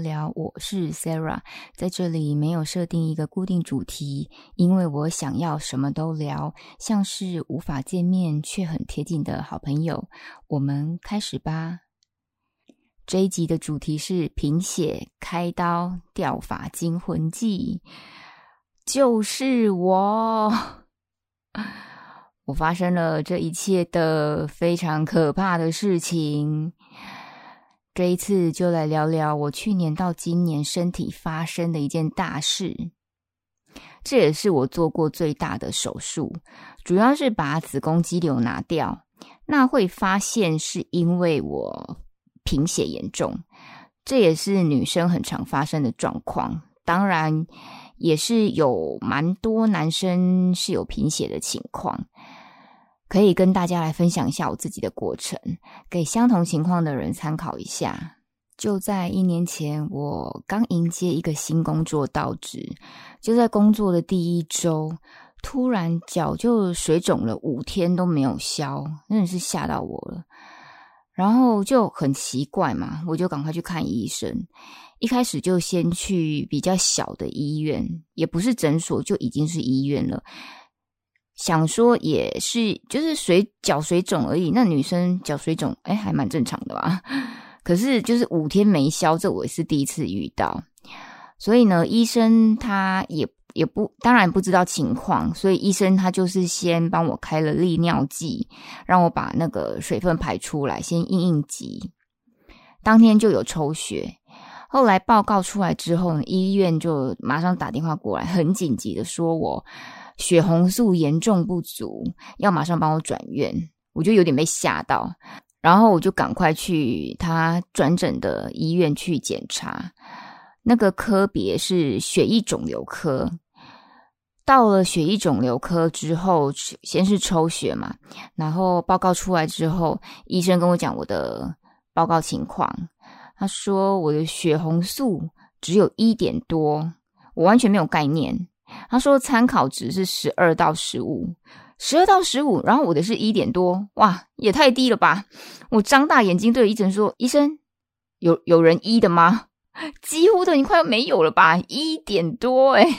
聊，我是 Sarah，在這裡沒有設定一個固定主題，因為我想要什麼都聊，像是無法見面卻很貼近的好朋友。我們開始吧。這一集的主題是貧血、開刀、掉髮、驚魂記，就是我。 我發生了這一切的非常可怕的事情。這一次就來聊聊我去年到今年身體發生的一件大事，這也是我做過最大的手術，主要是把子宮肌瘤拿掉。那會發現是因為我貧血嚴重，這也是女生很常發生的狀況，當然也是有蠻多男生是有貧血的情況。可以跟大家來分享一下我自己的過程，給相同情況的人參考一下。就在一年前，我剛迎接一個新工作到職，就在工作的第一周，突然腳就水腫了，五天都沒有消，真的是嚇到我了。然後就很奇怪嘛，我就趕快去看醫生。一開始就先去比較小的醫院，也不是診所，就已經是醫院了。想說也是，就是水腳水腫而已。那女生腳水腫，哎，還蠻正常的吧？可是就是五天沒消，這我也是第一次遇到。所以呢，醫生他也也不當然不知道情況，所以醫生他就是先幫我開了利尿劑，讓我把那個水分排出來，先應應急。當天就有抽血，後來報告出來之後呢，醫院就馬上打電話過來，很緊急的說我。血紅素嚴重不足，要馬上幫我轉院，我就有點被嚇到，然後我就趕快去他轉診的醫院去檢查，那個科別是血液腫瘤科。到了血液腫瘤科之後，先是抽血嘛，然後報告出來之後，醫生跟我講我的報告情況，他說我的血紅素只有一點多，我完全沒有概念。他說：“參考值是十二到十五，十二到十五。”然後我的是一點多，哇，也太低了吧！我張大眼睛對醫生說：“醫生，有有人醫的嗎？幾乎都已經快要沒有了吧？一點多、欸，誒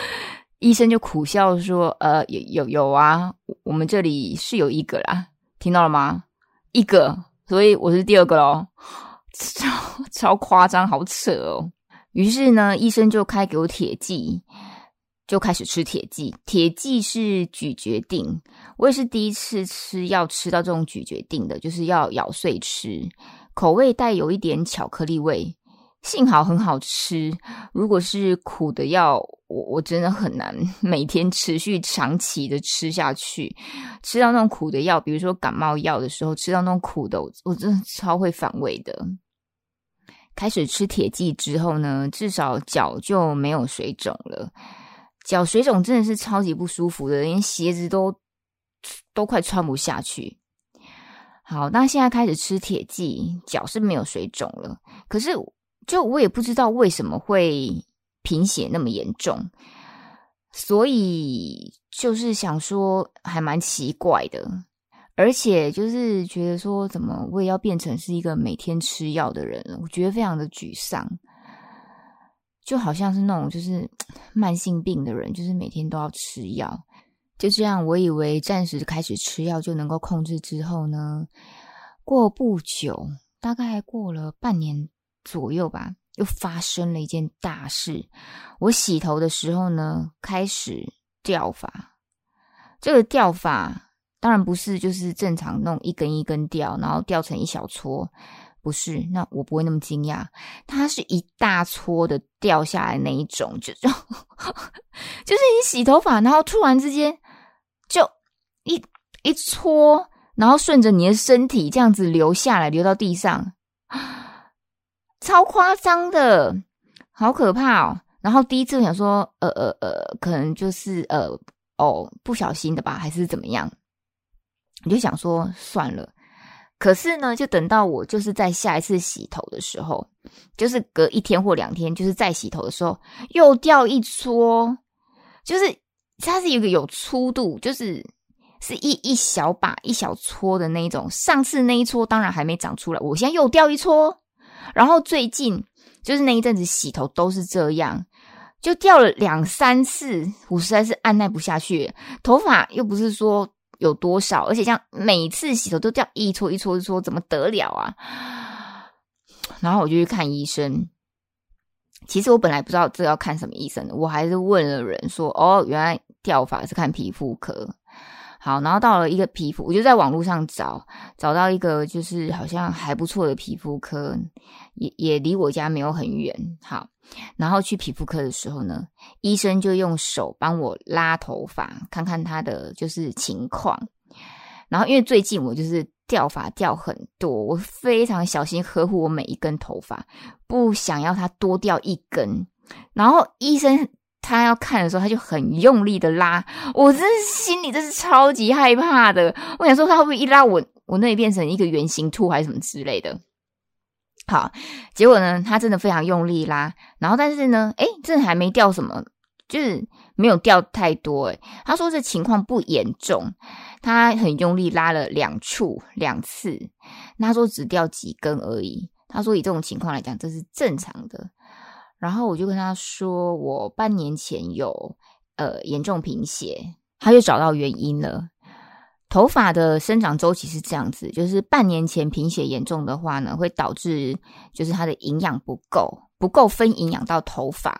醫生就苦笑說：“呃，有有有啊，我們這裡是有一個啦，聽到了嗎？一個，所以我是第二個咯。超超誇張，好扯哦。”於是呢，醫生就開給我鐵劑就開始吃鐵劑，鐵劑是咀嚼錠，我也是第一次吃，要吃到這種咀嚼錠的，就是要咬碎吃，口味帶有一點巧克力味，幸好很好吃。如果是苦的藥，我我真的很難每天持續長期的吃下去，吃到那種苦的藥，比如說感冒藥的時候，吃到那種苦的，我真的超會反胃的。開始吃鐵劑之後呢，至少腳就沒有水腫了。腳水腫真的是超級不舒服的，連鞋子都都快穿不下去。好，那現在開始吃鐵劑，腳是沒有水腫了。可是，就我也不知道為什麼會貧血那麼嚴重，所以就是想說還蠻奇怪的。而且就是覺得說，怎麼我也要變成是一個每天吃藥的人了？我覺得非常的沮喪。就好像是那種就是慢性病的人，就是每天都要吃藥，就這樣。我以為暫時開始吃藥就能夠控制，之後呢，過不久，大概過了半年左右吧，又發生了一件大事。我洗頭的時候呢，開始掉髮。這個掉髮當然不是就是正常那種一根一根掉，然後掉成一小撮。不是，那我不會那麼驚訝。它是一大撮的掉下來那一種，就是、 就是你洗頭髮，然後突然之間就一一撮，然後順着你的身體這樣子流下來，流到地上，超誇張的，好可怕哦！然後第一次想說，呃呃呃，可能就是呃哦不小心的吧，還是怎麼樣？我就想說，算了。可是呢，就等到我就是在下一次洗頭的時候，就是隔一天或兩天，就是再洗頭的時候，又掉一撮，就是它是有一個有粗度，就是是一一小把一小撮的那一種。上次那一撮當然還沒長出來，我現在又掉一撮，然後最近就是那一陣子洗頭都是這樣，就掉了兩三次，我實在是按捺不下去，頭髮又不是說。有多少？而且像每次洗頭都這樣一搓一搓一搓，怎麼得了啊？然後我就去看醫生。其實我本來不知道這要看什麼醫生的，我還是問了人說：“哦，原來掉髮是看皮膚科。”好，然後到了一個皮膚，我就在網絡上找，找到一個就是好像還不錯的皮膚科，也也離我家沒有很遠。好，然後去皮膚科的時候呢，醫生就用手幫我拉頭髮，看看他的就是情況。然後因為最近我就是掉髮掉很多，我非常小心呵護我每一根頭髮，不想要它多掉一根。然後醫生。他要看的時候，他就很用力的拉，我真是心裡真是超級害怕的。我想說，他會不會一拉我，我那裡變成一個圓形凸還是什麼之類的？好，結果呢，他真的非常用力拉，然後但是呢，哎、欸，這還沒掉什麼，就是沒有掉太多。哎，他說這情況不嚴重，他很用力拉了兩處，兩次，那他說只掉幾根而已。他說以這種情況來講，這是正常的。然後我就跟他說，我半年前有呃嚴重貧血，他就找到原因了。頭髮的生長周期是這樣子，就是半年前貧血嚴重的話呢，會導致就是它的營養不夠，不夠分營養到頭髮，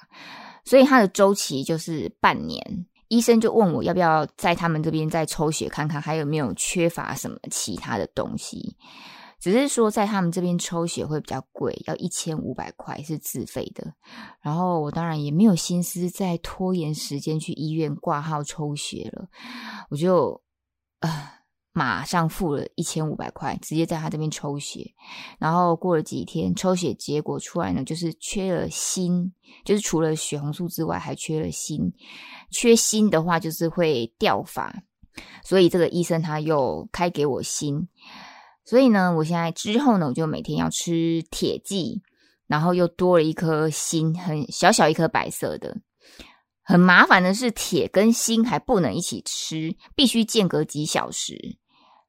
所以它的周期就是半年。醫生就問我要不要在他們這邊再抽血看看，還有沒有缺乏什麼其他的東西。只是說，在他們這邊抽血會比較貴，要一千五百塊是自費的。然後我當然也沒有心思再拖延時間去醫院掛號抽血了，我就啊、呃、馬上付了一千五百塊，直接在他這邊抽血。然後過了幾天，抽血結果出來呢，就是缺了鋅，就是除了血紅素之外還缺了鋅。缺鋅的話就是會掉髮，所以這個醫生他又開給我鋅。所以呢，我現在之後呢，我就每天要吃鐵劑，然後又多了一顆鋅，很小小一顆白色的。很麻煩的是，鐵跟鋅還不能一起吃，必須間隔幾小時，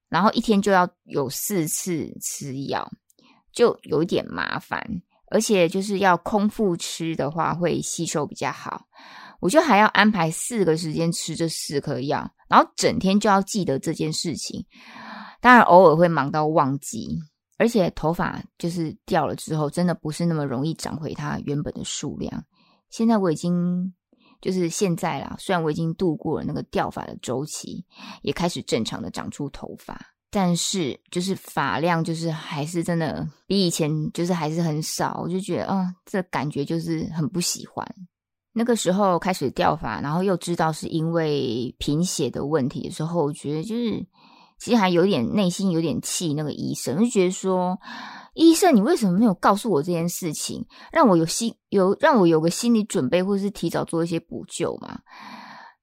然後一天就要有四次吃藥，就有點麻煩。而且就是要空腹吃的話，會吸收比較好。我就還要安排四個時間吃這四顆藥，然後整天就要記得這件事情。當然，偶爾會忙到忘記，而且頭髮就是掉了之後，真的不是那麼容易長回它原本的數量。現在我已經就是現在啦，雖然我已經度過了那個掉髮的周期，也開始正常的長出頭髮，但是就是髮量就是還是真的比以前就是還是很少。我就覺得，嗯、哦，這感覺就是很不喜歡。那個時候開始掉髮，然後又知道是因為貧血的問題的時候，我覺得就是。其實還有點內心有點氣那個醫生，就覺得說醫生，你為什麼沒有告訴我這件事情，讓我有心有讓我有個心理準備，或者是提早做一些補救嘛？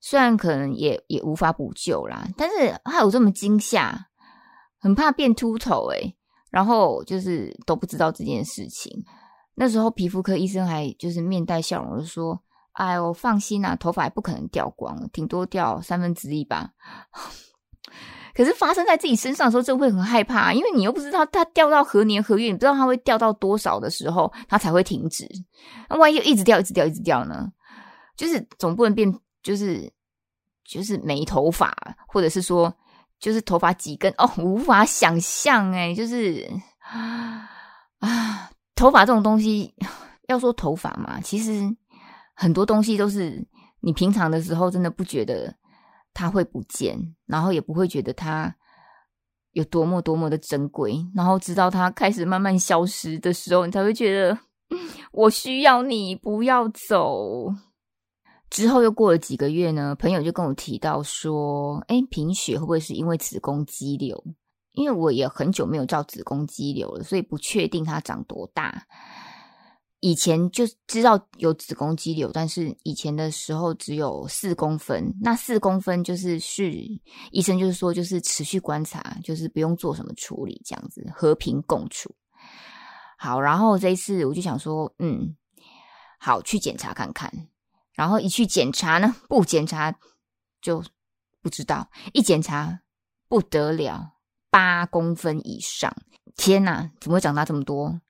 雖然可能也也無法補救啦，但是害我這麼驚嚇，很怕變禿頭誒、欸、然後就是都不知道這件事情。那時候皮膚科醫生還就是面帶笑容就說：“哎，呦放心啦、啊，頭髮也不可能掉光了，頂多掉三分之一吧。 ”可是發生在自己身上的時候，就會很害怕，因為你又不知道它，它掉到何年何月，你不知道它會掉到多少的時候，它才會停止。那萬一又一直掉，一直掉，一直掉呢？就是總不能變，就是就是沒頭髮，或者是說就是頭髮幾根哦，無法想象哎，就是，啊，頭髮這種東西，要說頭髮嘛，其實很多東西都是你平常的時候真的不覺得。他會不見，然後也不會覺得他有多麼多麼的珍貴，然後直到他開始慢慢消失的時候，你才會覺得我需要你不要走。之後又過了幾個月呢，朋友就跟我提到說：“哎，貧血會不會是因為子宮肌瘤？因為我也很久沒有照子宮肌瘤了，所以不確定它長多大。”以前就知道有子宮肌瘤，但是以前的時候只有四公分，那四公分就是是醫生就是說就是持續觀察，就是不用做什麼處理這樣子和平共處。好，然後這一次我就想說，嗯，好去檢查看看，然後一去檢查呢，不檢查就不知道，一檢查不得了，八公分以上，天哪，怎麼會長大這麼多？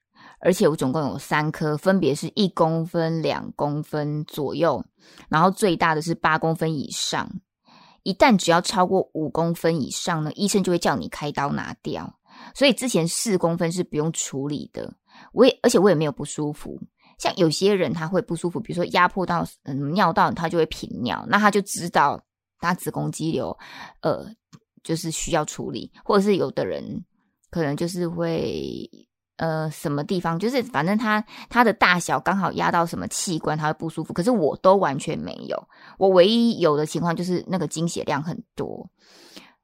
而且我總共有三顆，分別是一公分、兩公分左右，然後最大的是八公分以上。一旦只要超過五公分以上呢，醫生就會叫你開刀拿掉。所以之前四公分是不用處理的。我也而且我也沒有不舒服。像有些人他會不舒服，比如說壓迫到嗯、呃、尿道，他就會頻尿，那他就知道他子宮肌瘤，呃，就是需要處理，或者是有的人可能就是會。呃，什麼地方就是反正它它的大小剛好壓到什麼器官，它會不舒服。可是我都完全沒有，我唯一有的情況就是那個經血量很多，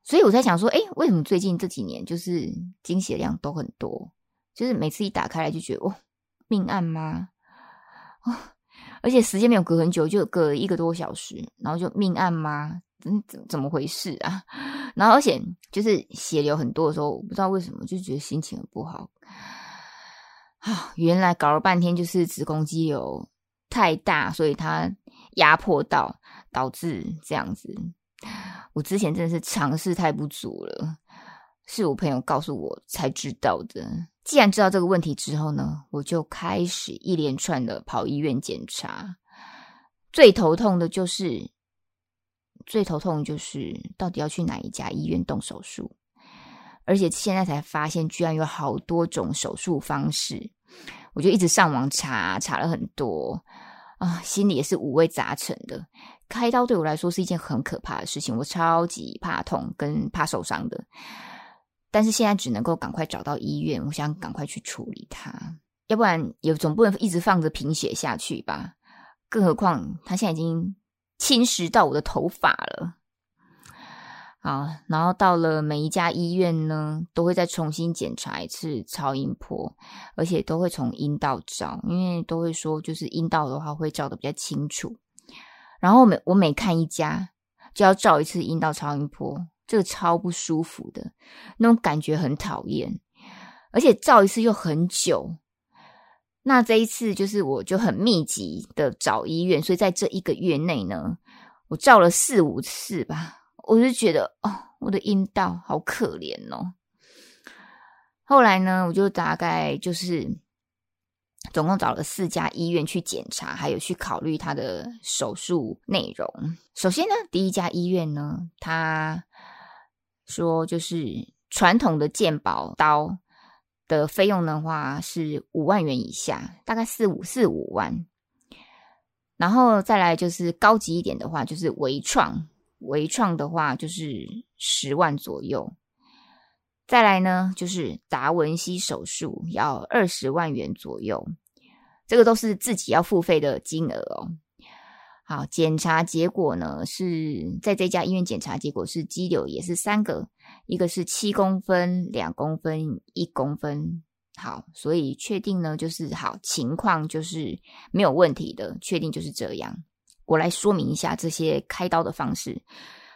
所以我在想說，哎，為什麼最近這幾年就是經血量都很多？就是每次一打開來就覺得哦，命案嗎？哦，而且時間沒有隔很久，就隔一個多小時，然後就命案嗎？怎怎怎麼回事啊？然後而且就是血流很多的時候，我不知道為什麼就覺得心情很不好。啊，原來搞了半天就是子宮肌瘤太大，所以它壓迫到導致這樣子。我之前真的是常識太不足了，是我朋友告訴我才知道的。既然知道這個問題之後呢，我就開始一連串的跑醫院檢查。最頭痛的就是，最頭痛就是到底要去哪一家醫院動手術。而且現在才發現，居然有好多種手術方式，我就一直上網查，查了很多，啊、呃，心裡也是五味雜陳的。開刀對我來說是一件很可怕的事情，我超級怕痛跟怕受傷的。但是現在只能夠趕快找到醫院，我想趕快去處理它，要不然也總不能一直放着貧血下去吧。更何況它現在已經侵蝕到我的頭髮了。啊，然後到了每一家醫院呢，都會再重新檢查一次超音波，而且都會從陰道照，因為都會說就是陰道的話會照得比較清楚。然後我每我每看一家就要照一次陰道超音波，這個超不舒服的，那種感覺很討厭，而且照一次又很久。那這一次就是我就很密集的找醫院，所以在這一個月內呢，我照了四五次吧。我就覺得哦，我的陰道好可憐哦。後來呢，我就大概就是總共找了四家醫院去檢查，還有去考慮他的手術內容。首先呢，第一家醫院呢，他說就是傳統的健保刀的費用的話是五萬元以下，大概四五四五萬。然後再來就是高級一點的話，就是微創。微創的話就是十萬左右，再來呢就是達文西手術要二十萬元左右，這個都是自己要付費的金額哦。好，檢查結果呢是在這家醫院檢查結果是肌瘤也是三個，一個是七公分、兩公分、一公分。好，所以確定呢就是好，情況，就是沒有問題的，確定就是這樣。我來說明一下這些開刀的方式。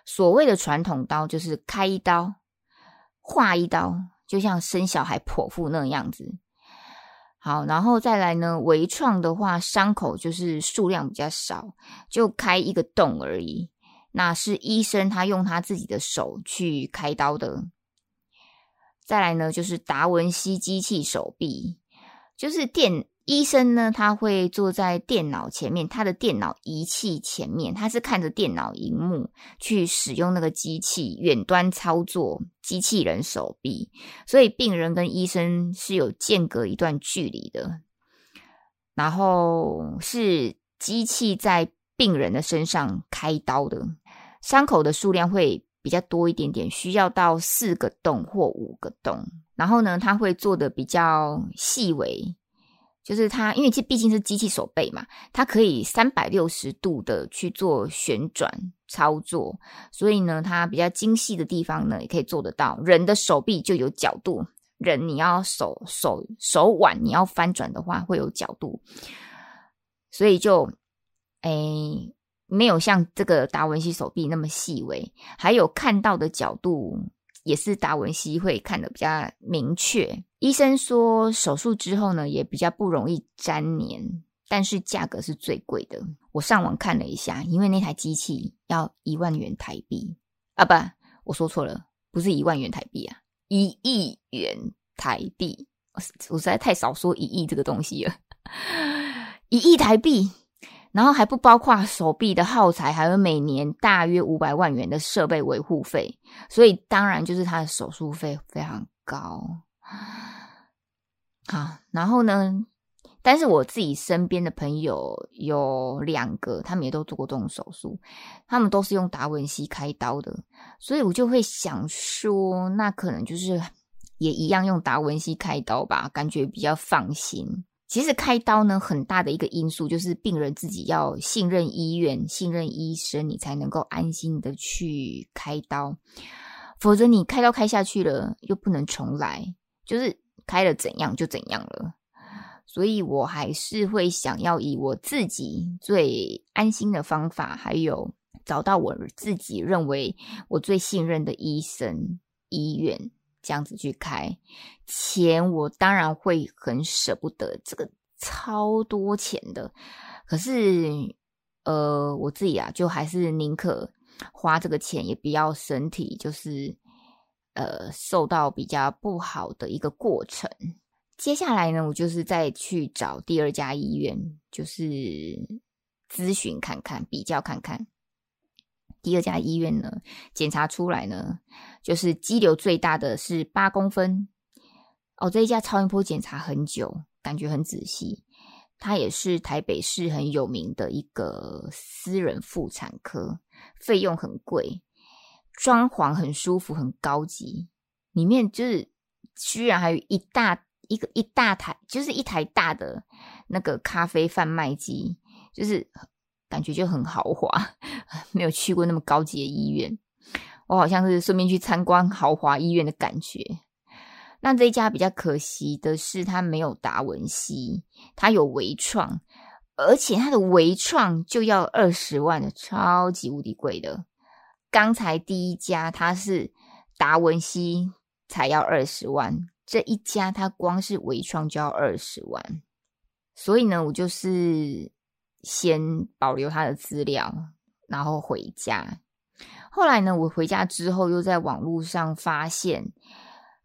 所謂的傳統刀就是開一刀，劃一刀，就像生小孩剖腹那樣子。好，然後再來呢，微創的話，傷口就是數量比較少，就開一個洞而已。那是醫生他用他自己的手去開刀的。再來呢，就是達文西機器手臂，就是電。醫生呢，他會坐在電腦前面，他的電腦儀器前面，他是看着電腦螢幕去使用那個機器遠端操作機器人手臂，所以病人跟醫生是有間隔一段距離的。然後是機器在病人的身上開刀的，傷口的數量會比較多一點點，需要到四個洞或五個洞。然後呢，他會做的比較細微。就是它，因為這畢竟是機器手臂嘛，它可以三百六十度的去做旋轉操作，所以呢，它比較精細的地方呢，也可以做得到。人的手臂就有角度，人你要手手手腕你要翻轉的話會有角度，所以就誒、哎、沒有像這個達文西手臂那麼細微，還有看到的角度也是達文西會看得比較明確。醫生說，手術之後呢，也比較不容易粘黏，但是價格是最貴的。我上網看了一下，因為那台機器要一萬元台幣。啊，不，我說錯了，不是一萬元台幣啊，一億元台幣。我實在太少說一億這個東西了，一億台幣，然後還不包括手臂的耗材，還有每年大約五百萬元的設備維護費。所以當然就是他的手術費非常高。啊，好，然後呢，但是我自己身邊的朋友有兩個，他們也都做過這種手術，他們都是用達文西開刀的，所以我就會想說，那可能就是也一樣用達文西開刀吧，感覺比較放心。其實開刀呢，很大的一個因素就是病人自己要信任醫院、信任醫生，你才能夠安心的去開刀，否則你開刀開下去了，又不能重來。就是開了怎樣就怎樣了，所以我還是會想要以我自己最安心的方法，還有找到我自己認為我最信任的醫生、醫院這樣子去開。錢我當然會很捨不得，這個超多錢的。可是，呃，我自己啊，就還是寧可花這個錢，也不要身體就是。呃，受到比較不好的一個過程。接下來呢，我就是再去找第二家醫院，就是諮詢看看、比較看看。第二家醫院呢，檢查出來呢，就是肌瘤最大的是八公分。哦，這一家超音波檢查很久，感覺很仔細。它也是台北市很有名的一個私人婦產科，費用很貴。裝潢很舒服，很高級，裡面就是居然還有一大一個一大台，就是一台大的那個咖啡販賣機，就是感覺就很豪華，沒有去過那麼高級的醫院，我好像是順便去參觀豪華醫院的感覺。那這一家比較可惜的是，他沒有達文西，他有微創，而且他的微創就要二十萬的，超級無敵貴的。剛才第一家他是達文西，才要二十萬；這一家他光是微創就要二十萬。所以呢，我就是先保留他的資料，然後回家。後來呢，我回家之後又在網絡上發現，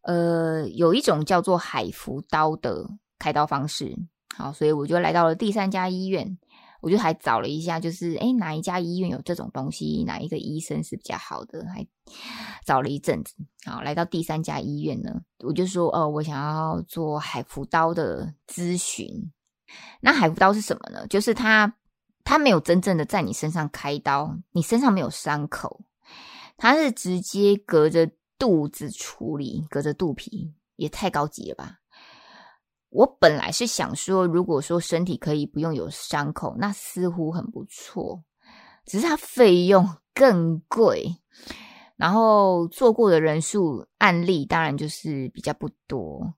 呃，有一種叫做海福刀的開刀方式。好，所以我就來到了第三家醫院。我就還找了一下，就是誒哪一家醫院有這種東西？哪一個醫生是比較好的？還找了一陣子，好，來到第三家醫院呢，我就說哦、呃，我想要做海扶刀的諮詢。那海扶刀是什麼呢？就是它，它沒有真正的在你身上開刀，你身上沒有傷口，它是直接隔着肚子處理，隔着肚皮，也太高級了吧。我本來是想說，如果說身體可以不用有傷口，那似乎很不錯。只是它費用更貴，然後做過的人數案例當然就是比較不多。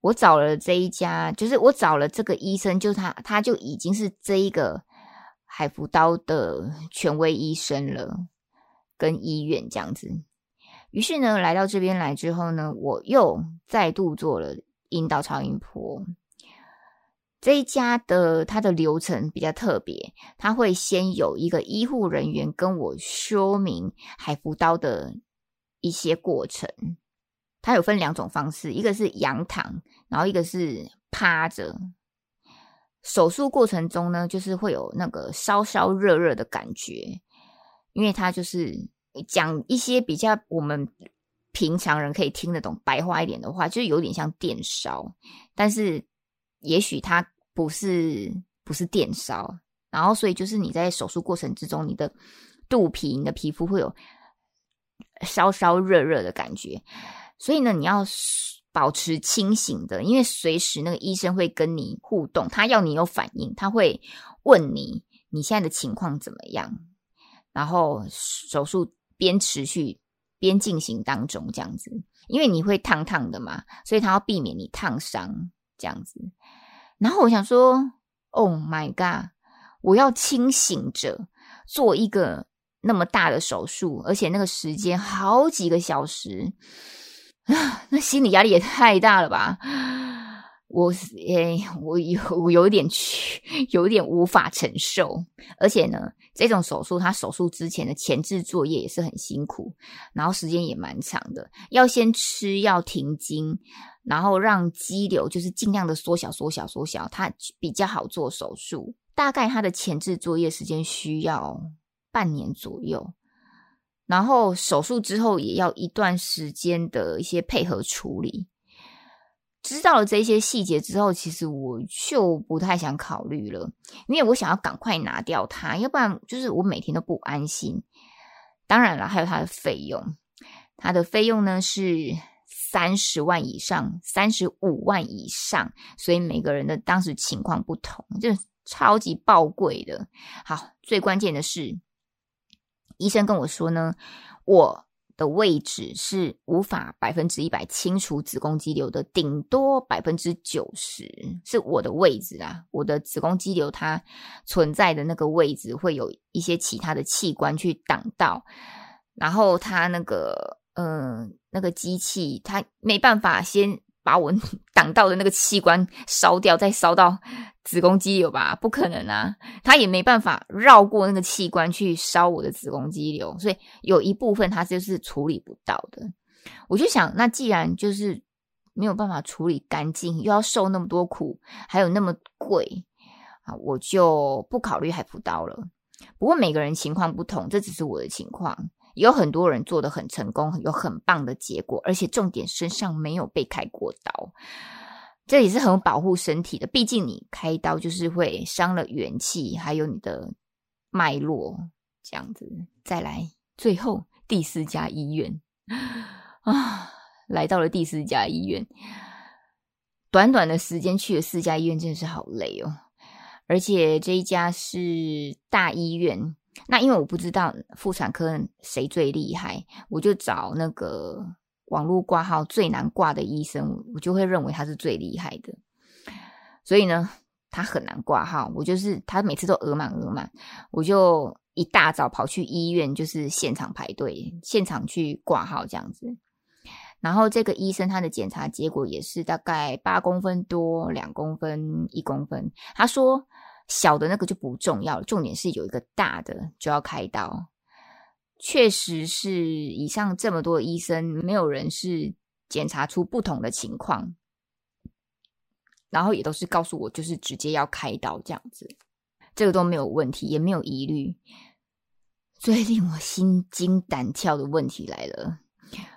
我找了這一家，就是我找了這個醫生，就他他就已經是這一個海扶刀的權威醫生了，跟醫院這樣子。於是呢，來到這邊來之後呢，我又再度做了。陰道超音波，這一家的它的流程比較特別，它會先有一個醫護人員跟我說明海扶刀的一些過程。它有分兩種方式，一個是仰躺，然後一個是趴着。手術過程中呢，就是會有那個燒燒熱熱的感覺，因為它就是講一些比較我們，平常人可以聽得懂白話一點的話，就有點像電燒，但是也許它不是不是電燒，然後所以就是你在手術過程之中，你的肚皮、你的皮膚會有燒燒熱熱的感覺，所以呢，你要保持清醒的，因為隨時那個醫生會跟你互動，他要你有反應，他會問你你現在的情況怎麼樣，然後手術邊持續，邊進行當中這樣子，因為你會燙燙的嘛，所以他要避免你燙傷這樣子。然後我想說，Oh my God！我要清醒着做一個那麼大的手術，而且那個時間好幾個小時啊，那心理壓力也太大了吧。我誒、欸，我有我有一點去，有一點無法承受。而且呢，這種手術，它手術之前的前置作業也是很辛苦，然後時間也蠻長的。要先吃，要停經，然後讓肌瘤就是盡量的縮小、縮小、縮小，它比較好做手術。大概它的前置作業時間需要半年左右，然後手術之後也要一段時間的一些配合處理。知道了這些細節之後，其實我就不太想考慮了，因為我想要趕快拿掉它，要不然就是我每天都不安心。當然了，還有它的費用，它的費用呢是三十萬以上，三十五萬以上，所以每個人的當時情況不同，就超級爆貴的。好，最關鍵的是，醫生跟我說呢，我的位置是無法百分之一百清除子宮肌瘤的，頂多百分之九十。是我的位置啊，我的子宮肌瘤它存在的那個位置會有一些其他的器官去擋到，然後它那個嗯、呃、那個機器它沒辦法先。把我擋到的那個器官燒掉，再燒到子宮肌瘤吧？不可能啊，他也沒辦法繞過那個器官去燒我的子宮肌瘤，所以有一部分他就是處理不到的。我就想，那既然就是沒有辦法處理乾淨，又要受那麼多苦，還有那麼貴啊，我就不考慮海扶刀了。不過每個人情況不同，這只是我的情況。有很多人做得很成功，有很棒的結果，而且重點身上沒有被開過刀，這也是很保護身體的。畢竟你開刀就是會傷了元氣，還有你的脈絡這樣子。再來，最後第四家醫院啊，來到了第四家醫院，短短的時間去了四家醫院，真的是好累哦。而且這一家是大醫院。那因為我不知道婦產科誰最厲害，我就找那個網絡掛號最難掛的醫生，我就會認為他是最厲害的。所以呢，他很難掛號。我就是他每次都額滿額滿，我就一大早跑去醫院，就是現場排隊、現場去掛號這樣子。然後這個醫生他的檢查結果也是大概八公分多、兩公分、一公分。他說，小的那個就不重要了，重點是有一個大的就要開刀。確實是以上這麼多醫生，沒有人是檢查出不同的情況，然後也都是告訴我就是直接要開刀這樣子，這個都沒有問題，也沒有疑慮。最令我心驚膽跳的問題來了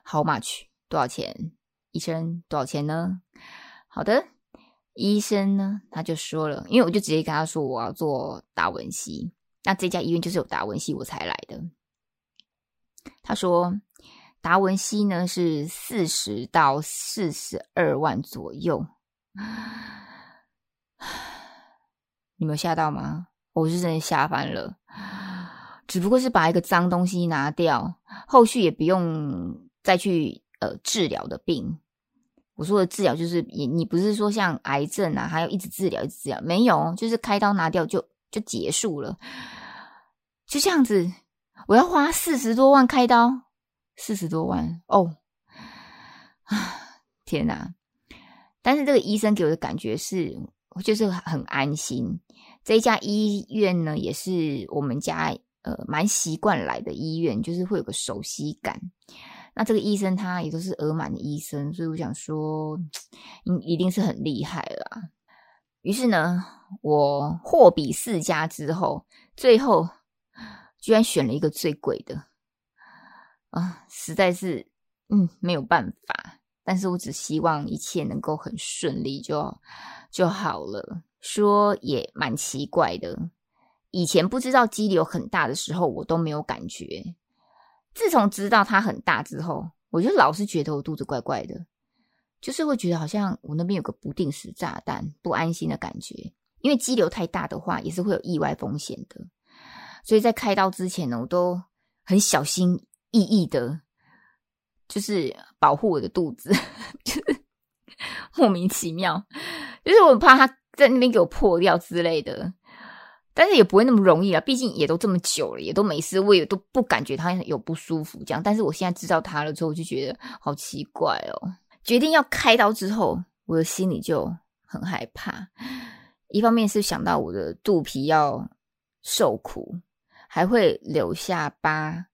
：How much？多少錢？醫生多少錢呢？好的。醫生呢，他就說了，因為我就直接跟他說我要做達文西，那這家醫院就是有達文西我才來的。他說達文西呢，是四十到四十二萬左右，唉，你有嚇到嗎？我是真的嚇翻了，只不過是把一個髒東西拿掉，後續也不用再去呃治療的病。我說的治療就是，你你不是說像癌症啊，還要一直治療，一直治療？沒有，就是開刀拿掉就就結束了，就這樣子。我要花四十多萬開刀，四十多萬哦，啊天吶！但是這個醫生給我的感覺是，我就是很安心。這家醫院呢，也是我們家呃蠻習慣來的醫院，就是會有個熟悉感。那這個醫生他也都是額滿的醫生，所以我想說，一定是很厲害啦。於是呢，我貨比四家之後，最後居然選了一個最貴的，啊，實在是，嗯，沒有辦法。但是我只希望一切能夠很順利就，就就好了。說也蠻奇怪的，以前不知道肌瘤很大的時候，我都沒有感覺。自從知道它很大之後，我就老是覺得我肚子怪怪的，就是會覺得好像我那邊有個不定時炸彈，不安心的感覺。因為肌瘤太大的話，也是會有意外風險的。所以在開刀之前呢，我都很小心翼翼的，就是保護我的肚子，就 是莫名其妙，就是我怕他在那邊給我破掉之類的。但是也不會那麼容易啊，畢竟也都這麼久了，也都沒事，我也都不感覺他有不舒服這樣。但是我現在知道他了之後，我就覺得好奇怪哦。決定要開刀之後，我的心裡就很害怕。一方面是想到我的肚皮要受苦，還會留下疤，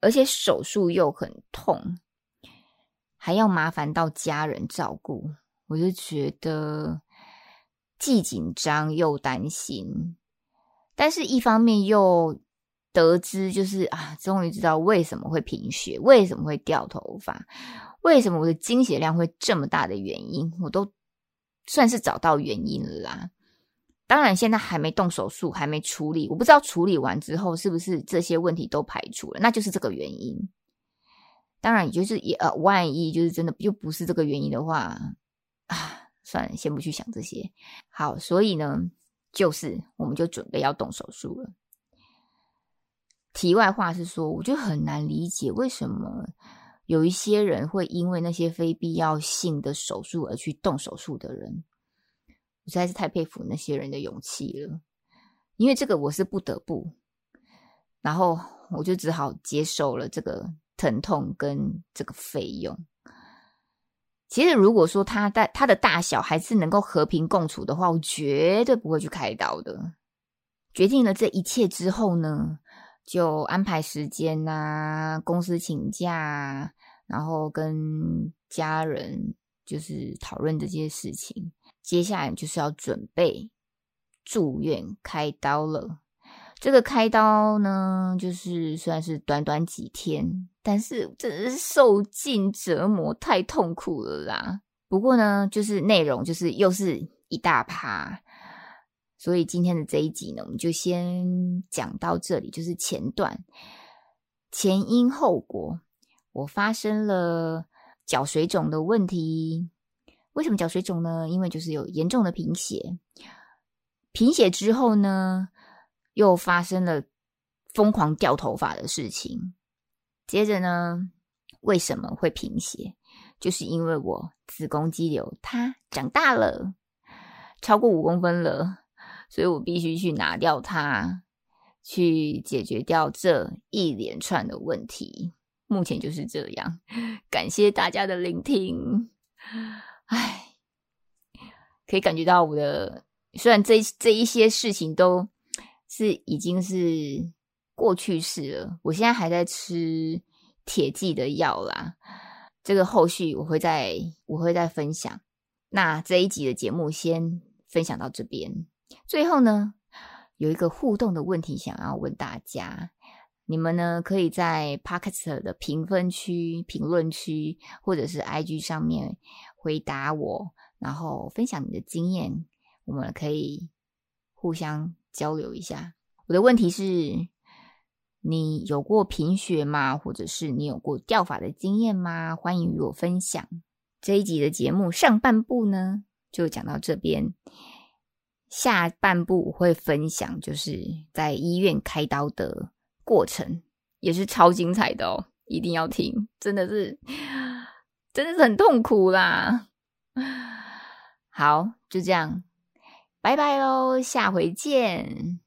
而且手術又很痛，還要麻煩到家人照顧，我就覺得既緊張又擔心。但是，一方面又得知，就是啊，終於知道為什麼會貧血，為什麼會掉頭髮，為什麼我的經血量會這麼大的原因，我都算是找到原因了啦。當然，現在還沒動手術，還沒處理，我不知道處理完之後是不是這些問題都排除了，那就是這個原因。當然，也就是也呃，萬一就是真的又不是這個原因的話啊，算了，先不去想這些。好，所以呢。就是，我們就準備要動手術了。題外話是說，我就很難理解為什麼有一些人會因為那些非必要性的手術而去動手術的人，我實在是太佩服那些人的勇氣了。因為這個我是不得不，然後我就只好接受了這個疼痛跟這個費用。其實，如果說它的他的大小還是能夠和平共處的話，我絕對不會去開刀的。決定了這一切之後呢，就安排時間啊，公司請假啊，然後跟家人就是討論這些事情。接下來就是要準備住院開刀了。這個開刀呢，就是算是短短幾天。但是真的是受盡折磨，太痛苦了啦！不過呢，就是內容就是又是一大趴，所以今天的這一集呢，我們就先講到這裡，就是前段，前因後果。我發生了腳水腫的問題，為什麼腳水腫呢？因為就是有嚴重的貧血，貧血之後呢，又發生了瘋狂掉頭髮的事情。接着呢，為什麼會貧血？就是因為我子宮肌瘤它長大了，超過五公分了，所以我必須去拿掉它，去解決掉這一連串的問題。目前就是這樣，感謝大家的聆聽。唉，可以感覺到我的，雖然這這一些事情都是已經是過去式了，我現在還在吃鐵劑的藥啦。這個後續我會再我會再分享。那這一集的節目先分享到這邊。最後呢，有一個互動的問題想要問大家：你們呢，可以在 Podcast 的評分區、評論區或者是 IG 上面回答我，然後分享你的經驗，我們可以互相交流一下。我的問題是。你有過貧血嗎？或者是你有過掉髮的經驗嗎？歡迎與我分享。這一集的節目上半部呢，就講到這邊，下半部會分享就是在醫院開刀的過程，也是超精彩的哦，一定要聽，真的是，真的是很痛苦啦。好，就這樣，拜拜嘍，下回見。